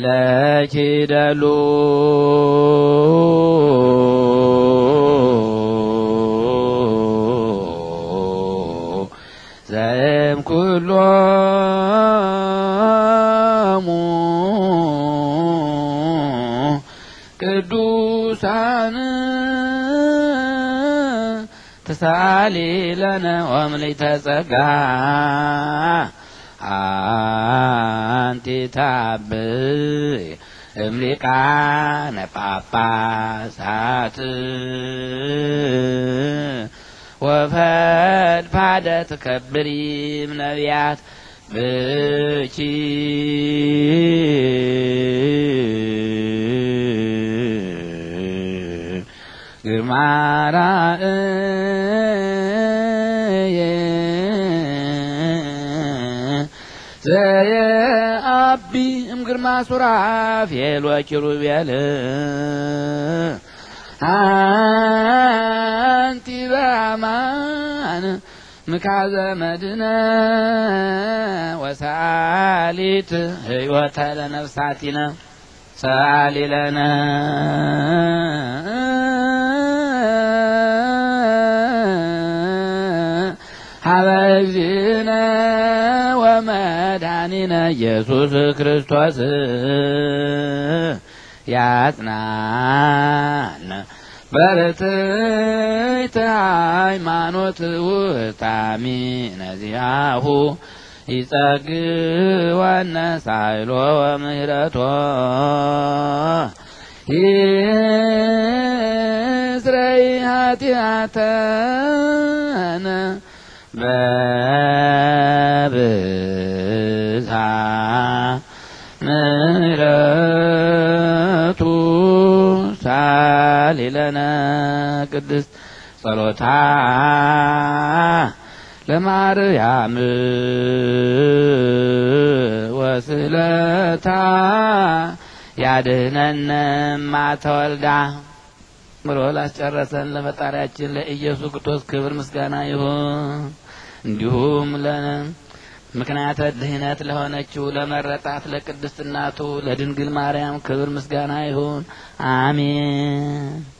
ለኪደሉ ዘም ኩሎሙ ቅዱሳን ተሳሊ ለነ ወምልዕተ ጸጋ እንቲታብእ እምሊቃነ ጳጳሳት ወፈድፋደ ትከብሪ እምነቢያት ብኪ ግርማ ዘየአቢ እምግርማ ሱራፌል ወኪሩቤል አንቲ በአማን ምካዘ መድነ ወሰአሊት ሕይወተ ለነፍሳቲነ ሰአሊ ለነ ሀበ መድኃኒነ ኢየሱስ ክርስቶስ ያጽናን በርትዕተ ሃይማኖት ውእታሚ ነዚያሁ ይጸግዋነ ሳይሎ ምህረቶ ይስረይ ኃጢአተነ ሊለነ ቅድስት ጸሎታ ለማርያም ወስለታ ያድህነን ማተወልዳ ብሎ ላስጨረሰን ለፈጣሪያችን ለኢየሱስ ክርስቶስ ክብር ምስጋና ይሁን። እንዲሁም ለነ ምክንያተ ድህነት ለሆነችው ለመረጣት ለቅድስት እናቱ ለድንግል ማርያም ክብር ምስጋና ይሁን፣ አሜን።